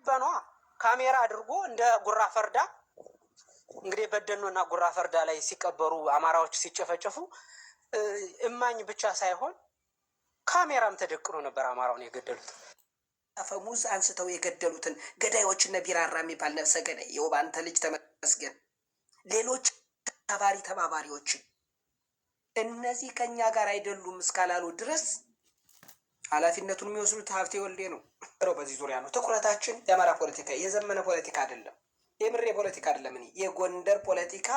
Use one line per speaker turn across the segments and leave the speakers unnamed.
ሊባኗ ካሜራ አድርጎ እንደ ጉራ ፈርዳ እንግዲህ በደኖና ጉራ ፈርዳ ላይ ሲቀበሩ አማራዎች ሲጨፈጨፉ እማኝ ብቻ ሳይሆን ካሜራም ተደቅኖ ነበር አማራውን የገደሉት። አፈሙዝ አንስተው የገደሉትን ገዳዮችና ቢራራ የሚባል ነፍሰ ገዳይ የውብ ልጅ ተመስገን፣ ሌሎች ተባባሪ ተባባሪዎችን እነዚህ ከእኛ ጋር አይደሉም እስካላሉ ድረስ ኃላፊነቱን የሚወስዱት ሀብቴ ወልዴ ነው። በዚህ ዙሪያ ነው ትኩረታችን። የአማራ ፖለቲካ የዘመነ ፖለቲካ አይደለም፣ የምሬ ፖለቲካ አይደለም። እኔ የጎንደር ፖለቲካ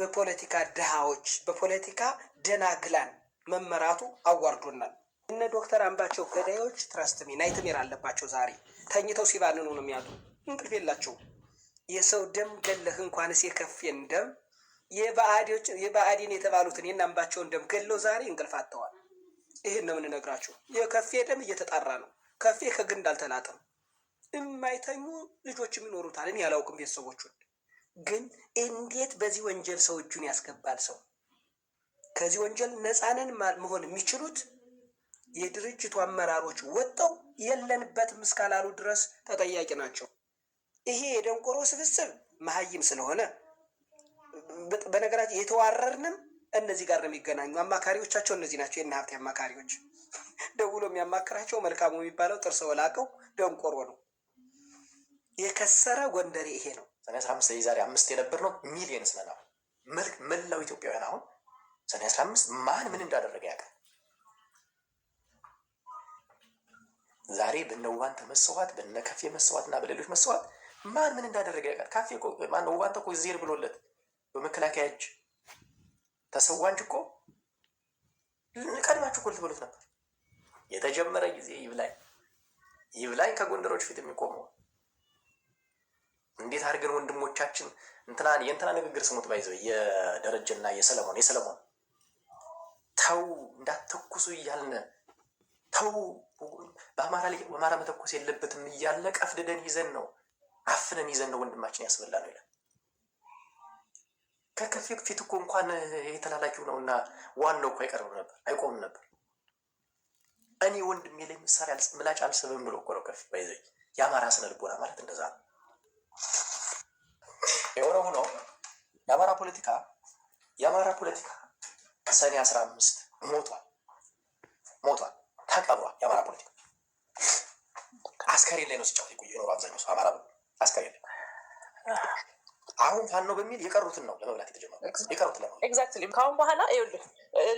በፖለቲካ ድሃዎች በፖለቲካ ደናግላን መመራቱ አዋርዶናል። እነ ዶክተር አምባቸው ገዳዮች ትረስትሚ ናይትሜር አለባቸው። ዛሬ ተኝተው ሲባንኑ ነው የሚያጡ፣ እንቅልፍ የላቸው። የሰው ደም ገለህ እንኳንስ የከፌን ደም የባዕዴን የተባሉትን የእነ አምባቸውን ደም ገለው ዛሬ እንቅልፍ አጥተዋል። ይህን ነው የምንነግራችሁ። የከፌ ደም እየተጣራ ነው። ከፌ ከግንድ አልተላጠም። የማይተኙ ልጆችም ይኖሩታል። እኔ ያላውቅም ቤተሰቦቹን። ግን እንዴት በዚህ ወንጀል ሰው እጁን ያስገባል? ሰው ከዚህ ወንጀል ነፃንን መሆን የሚችሉት የድርጅቱ አመራሮች ወጠው የለንበትም እስካላሉ ድረስ ተጠያቂ ናቸው። ይሄ የደንቆሮ ስብስብ መሀይም ስለሆነ በነገራችን የተዋረርንም እነዚህ ጋር ነው የሚገናኙ። አማካሪዎቻቸው እነዚህ ናቸው። የእነ ሀብቴ አማካሪዎች ደውሎ የሚያማክራቸው መልካሙ የሚባለው ጥርሰ ወላቀው ደንቆሮ ነው። የከሰረ ጎንደሬ ይሄ ነው። ሰኔ አስራ አምስት የዛሬ አምስት የነበር ነው ሚሊየንስ ነን። መልክ መላው ኢትዮጵያውያን አሁን ሰኔ አስራ አምስት ማን ምን እንዳደረገ ያውቃል። ዛሬ በነ ውባንተ መስዋዕት በነ ከፌ መስዋዕት እና በሌሎች መስዋዕት ማን ምን እንዳደረገ ያውቃል። ካፌ ማነው ውባንተ እኮ ዜር ብሎለት በመከላከያ እጅ ተሰዋንጅ እኮ ቀድማችሁ እኮ ልትበሉት ነበር። የተጀመረ ጊዜ ይብላኝ ይብላኝ ከጎንደሮች ፊት የሚቆመው እንዴት አድርገን ወንድሞቻችን እንትናን የእንትና ንግግር ስሙት ባይዘው የደረጀና የሰለሞን የሰለሞን ተው እንዳትተኩሱ እያልን ተው በአማራ ላይ በአማራ መተኮስ የለበትም እያለ ቀፍድደን ይዘን ነው አፍነን ይዘን ነው ወንድማችን ያስበላ ነው ይላል። ከከፊ ፊት እኮ እንኳን የተላላኪው ነው እና ዋናው እኮ አይቀርብም ነበር አይቆምም ነበር። እኔ ወንድሜ ላይ መሳሪያ ምላጭ አልስብም ብሎ እኮ ነው ከፊ ባይዘኝ። የአማራ ስነ ልቦና ማለት እንደዛ ነው። የሆነ ሆኖ የአማራ ፖለቲካ የአማራ ፖለቲካ ሰኔ አስራ አምስት ሞቷል ሞቷል ተቀብሯል። የአማራ ፖለቲካ አስከሬን ላይ ነው ሲጫወት የቆየ ኖሩ አብዛኛው ሰው አማራ አስከሬን ላይ አሁን ፋኖ በሚል የቀሩትን ነው ለመብላት የተጀመሩ የቀሩትን ለመ
ኤግዛክትሊ ከአሁን በኋላ ይኸውልህ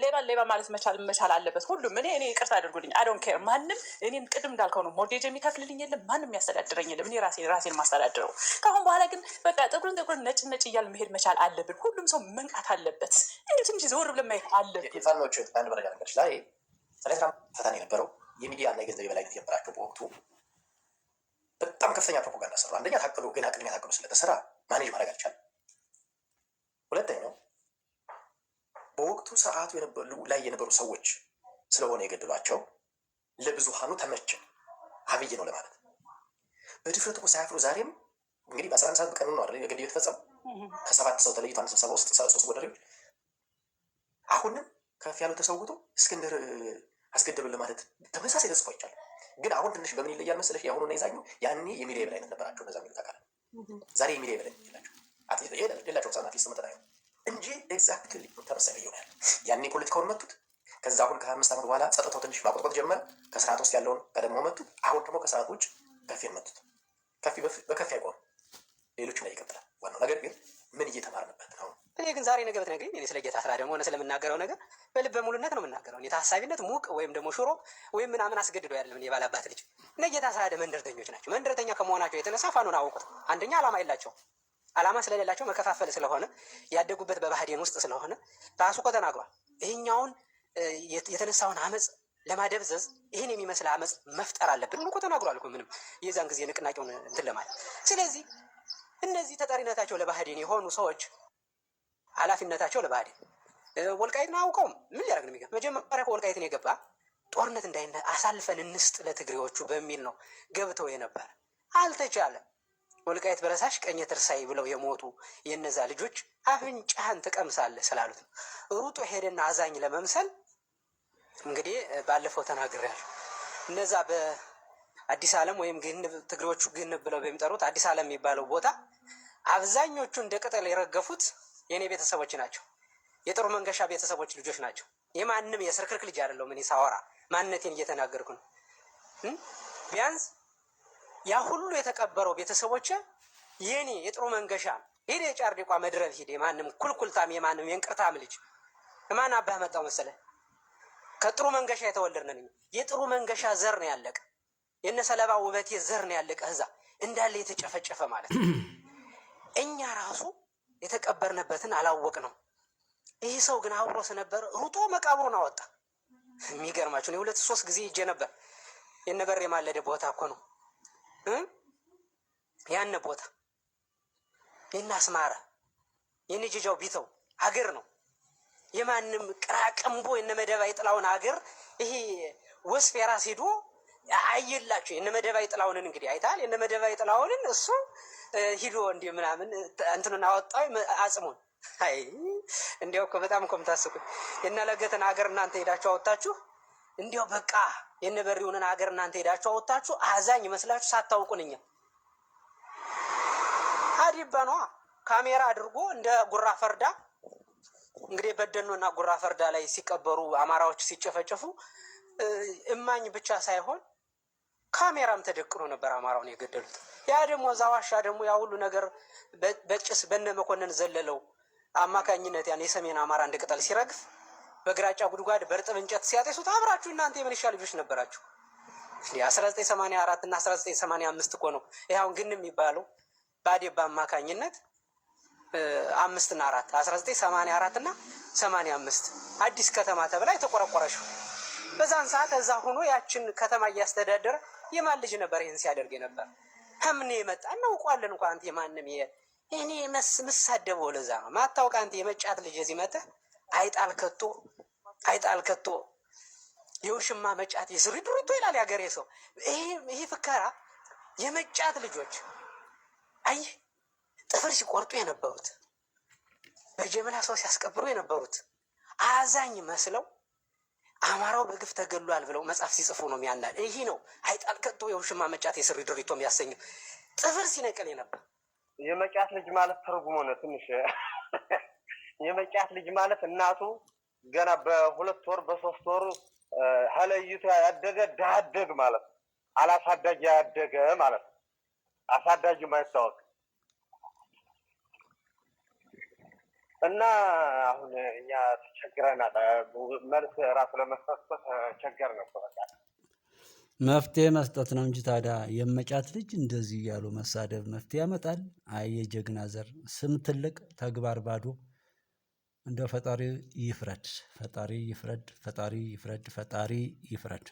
ሌባን ሌባ ማለት መቻል መቻል አለበት ሁሉም። እኔ እኔ ይቅርታ አድርጉልኝ፣ አይ ዶንት ኬር ማንም። እኔም ቅድም እንዳልከው ነው ሞርጌጅ የሚከፍልልኝ የለም፣ ማንም የሚያስተዳድረኝ የለም። እኔ ራሴ ራሴን ማስተዳድረው። ከአሁን በኋላ ግን በቃ ጥቁርን ጥቁርን ነጭ ነጭ እያል መሄድ መቻል አለብን። ሁሉም ሰው መንቃት አለበት። እንዲሁ ትንሽ ዘወር ብለን ማየት አለብን።
ፋኖቹ አንድ መረጃ ነገሮች ላይ ሰለስራ ፈተና የነበረው የሚዲያ እና የገንዘብ የበላይነት የነበራቸው በወቅቱ በጣም ከፍተኛ ፕሮፓጋንዳ ሰሩ። አንደኛ ታቅዶ ገና ቅድሚያ ታቅዶ ስለተሰራ ማኔጅ ማድረግ አልቻለም። ሁለተኛው በወቅቱ ሰዓቱ ላይ የነበሩ ሰዎች ስለሆነ የገደሏቸው ለብዙሃኑ ተመቸ፣ አብይ ነው ለማለት በድፍረት እኮ ሳያፍሩ ዛሬም እንግዲህ በአስራ አንድ ሰዓት በቀኑ ነው አይደል የግድያ የተፈጸመው። ከሰባት ሰው ተለይቶ አንድ ስብሰባ ውስጥ ሶስት ወዳሪዎች አሁንም ከፍ ያለው ተሰውቶ እስክንድር አስገደሉን ለማለት ተመሳሳይ ተጽፎ ይቻል። ግን አሁን ትንሽ በምን ይለያል መሰለሽ? የአሁኑና የዛኙ ያኔ የሚዲያ የበላይነት ነበራቸው እነዛ የሚሉት አካላት ዛሬ የሚል ይበለኝ የላቸው አትሌት የሌላቸው ህጻን እንጂ ኤግዛክትሊ ተመሳሳይ ይሆናል። ያኔ ፖለቲካውን መቱት። ከዛ አሁን ከአምስት ዓመት በኋላ ጸጥታው ትንሽ ማቆጥቆጥ ጀመረ። ከስርዓት ውስጥ ያለውን ቀደሞ መቱት። አሁን ደግሞ ከስርዓት ውጭ ከፊን መቱት። ከፊ በከፊ አይቆም ሌሎችም ላይ ይቀጥላል። ዋናው ነገር ግን ምን እየተማርንበት ነው?
እኔ ግን ዛሬ ነገ ብትነግሪኝ እኔ ስለ ጌታ ስራ ደግሞ ሆነ ስለምናገረው ነገር በልበ ሙሉነት ነው የምናገረው። እኔ ታሳቢነት ሙቅ ወይም ደግሞ ሽሮ ወይም ምናምን አስገድዶ ያለም እኔ ባላባት ልጅ እነ ጌታ ስራ መንደርተኞች ናቸው። መንደርተኛ ከመሆናቸው የተነሳ ፋኖን አወቁት። አንደኛ አላማ የላቸው አላማ ስለሌላቸው መከፋፈል ስለሆነ ያደጉበት በባህዴን ውስጥ ስለሆነ ራሱ እኮ ተናግሯል። ይህኛውን የተነሳውን አመፅ ለማደብዘዝ ይህን የሚመስል አመፅ መፍጠር አለብን እኮ ተናግሯል እኮ ምንም የዛን ጊዜ ንቅናቄውን እንትን ለማለት ስለዚህ እነዚህ ተጠሪነታቸው ለባህዴን የሆኑ ሰዎች ኃላፊነታቸው ለባዕድ ወልቃይትን አውቀውም ምን ሊያደርግ ነው የሚገባ? መጀመሪያ ከወልቃይትን የገባ ጦርነት እንዳይነ አሳልፈን እንስጥ ለትግሬዎቹ በሚል ነው ገብተው የነበረ አልተቻለም። ወልቃይት በረሳሽ ቀኝ ትርሳይ ብለው የሞቱ የነዛ ልጆች አፍንጫህን ትቀምሳለህ ስላሉት ነው። ሩጦ ሄደና አዛኝ ለመምሰል እንግዲህ ባለፈው ተናግሬያለሁ። እነዛ በአዲስ ዓለም ወይም ግንብ ትግሬዎቹ ግንብ ብለው በሚጠሩት አዲስ ዓለም የሚባለው ቦታ አብዛኞቹ እንደ ቅጠል የረገፉት የእኔ ቤተሰቦች ናቸው። የጥሩ መንገሻ ቤተሰቦች ልጆች ናቸው። የማንም የስርክርክ ልጅ አይደለሁም። እኔ ሳወራ ማንነቴን እየተናገርኩ ነው። ቢያንስ ያ ሁሉ የተቀበረው ቤተሰቦች የኔ የጥሩ መንገሻ ሄደ የጫርዲቋ መድረብ ሄደ የማንም ኩልኩልታም የማንም የእንቅርታም ልጅ ማን አባህ መጣው መሰለ። ከጥሩ መንገሻ የተወለድነን የጥሩ መንገሻ ዘር ነው ያለቀ። የነ ሰለባ ውበቴ ዘር ነው ያለቀ። እዛ እንዳለ የተጨፈጨፈ ማለት እኛ ራሱ የተቀበርንበትን አላወቅ ነው። ይህ ሰው ግን አብሮ ስነበር ሩጦ መቃብሩን አወጣ። የሚገርማችሁ ሁለት ሶስት ጊዜ ይጄ ነበር። የነበር የማለደ ቦታ እኮ ነው ያን ቦታ የእነ አስማረ የእነ ጀጃው ቢተው ሀገር ነው። የማንም ቅራቅንቦ የነ መደባይ ጥላውን ይሄ ወስፍ የራስ ሄዶ አየላቸው እነ መደባይ ጥላውንን እንግዲህ አይታል። እነ መደባይ ጥላውንን እሱ ሂዶ እንዲህ ምናምን እንትኑን አወጣው አጽሙን። አይ እንዲያው እኮ በጣም እኮ የምታስቁኝ ለገተን እናንተ ሄዳችሁ አወጣችሁ። እንዲያው በቃ የነ በሪውንን ሀገር እናንተ ሄዳችሁ አወጣችሁ። አዛኝ መስላችሁ ሳታውቁን
አዲባ ነዋ ካሜራ አድርጎ እንደ ጉራ ፈርዳ እንግዲህ በደኖ እና ጉራ ፈርዳ ላይ ሲቀበሩ አማራዎች ሲጨፈጨፉ እማኝ ብቻ ሳይሆን ካሜራም ተደቅኖ ነበር አማራውን የገደሉት። ያ ደግሞ እዛ ዋሻ ደግሞ ያ ሁሉ ነገር በጭስ በነ መኮንን ዘለለው አማካኝነት ያን የሰሜን አማራ እንደ ቅጠል ሲረግፍ በግራጫ ጉድጓድ በእርጥብ እንጨት ሲያጤሱት አብራችሁ እናንተ የምንሻ ልጆች ነበራችሁ። አስራ ዘጠኝ ሰማንያ አራት እና አስራ ዘጠኝ ሰማንያ አምስት እኮ ነው ይህ ግን የሚባለው በአዴባ አማካኝነት አምስት እና አራት አስራ ዘጠኝ ሰማንያ አራት እና ሰማንያ አምስት አዲስ ከተማ ተብላ የተቆረቆረችው በዛን ሰዓት እዛ ሆኖ ያችን ከተማ እያስተዳደረ የማን ልጅ ነበር ይህን ሲያደርግ ነበር? ከምን የመጣ እናውቀዋለን እንኳ አንተ የማንም ይሄ እኔ ምሳደበው ለዛ ነው ማታውቅ አንተ የመጫት ልጅ እዚህ መጥተህ አይጣል ከቶ አይጣል ከቶ የውሽማ መጫት የስሪ ድሩቶ ይላል ያገሬ ሰው። ይሄ ፍከራ የመጫት ልጆች አይ ጥፍር ሲቆርጡ የነበሩት በጀምላ ሰው ሲያስቀብሩ የነበሩት አዛኝ መስለው አማራው በግፍ ተገሏል ብለው መጽሐፍ ሲጽፉ ነው የሚያናል። ይህ ነው አይጣል ከቶ የውሽማ መጫት የስሪ ድሪቶ የሚያሰኘው ጥፍር ሲነቅል የነበር
የመጫት ልጅ ማለት ትርጉሞ ነው ትንሽ የመጫት ልጅ ማለት እናቱ ገና በሁለት ወር በሶስት ወር ሀለይቱ ያደገ ዳደግ ማለት አላሳዳጊ ያደገ ማለት አሳዳጊ ማይታወቅ እና አሁን እኛ ተቸግረናል። መልስ ራሱ ለመስጠት ተቸገር ነው።
መፍትሄ መስጠት ነው እንጂ ታዲያ የመጫት ልጅ እንደዚህ እያሉ መሳደብ መፍትሄ ያመጣል? አይ የጀግና ዘር ስም ትልቅ ተግባር ባዶ። እንደ ፈጣሪ ይፍረድ፣ ፈጣሪ ይፍረድ፣ ፈጣሪ ይፍረድ፣ ፈጣሪ ይፍረድ።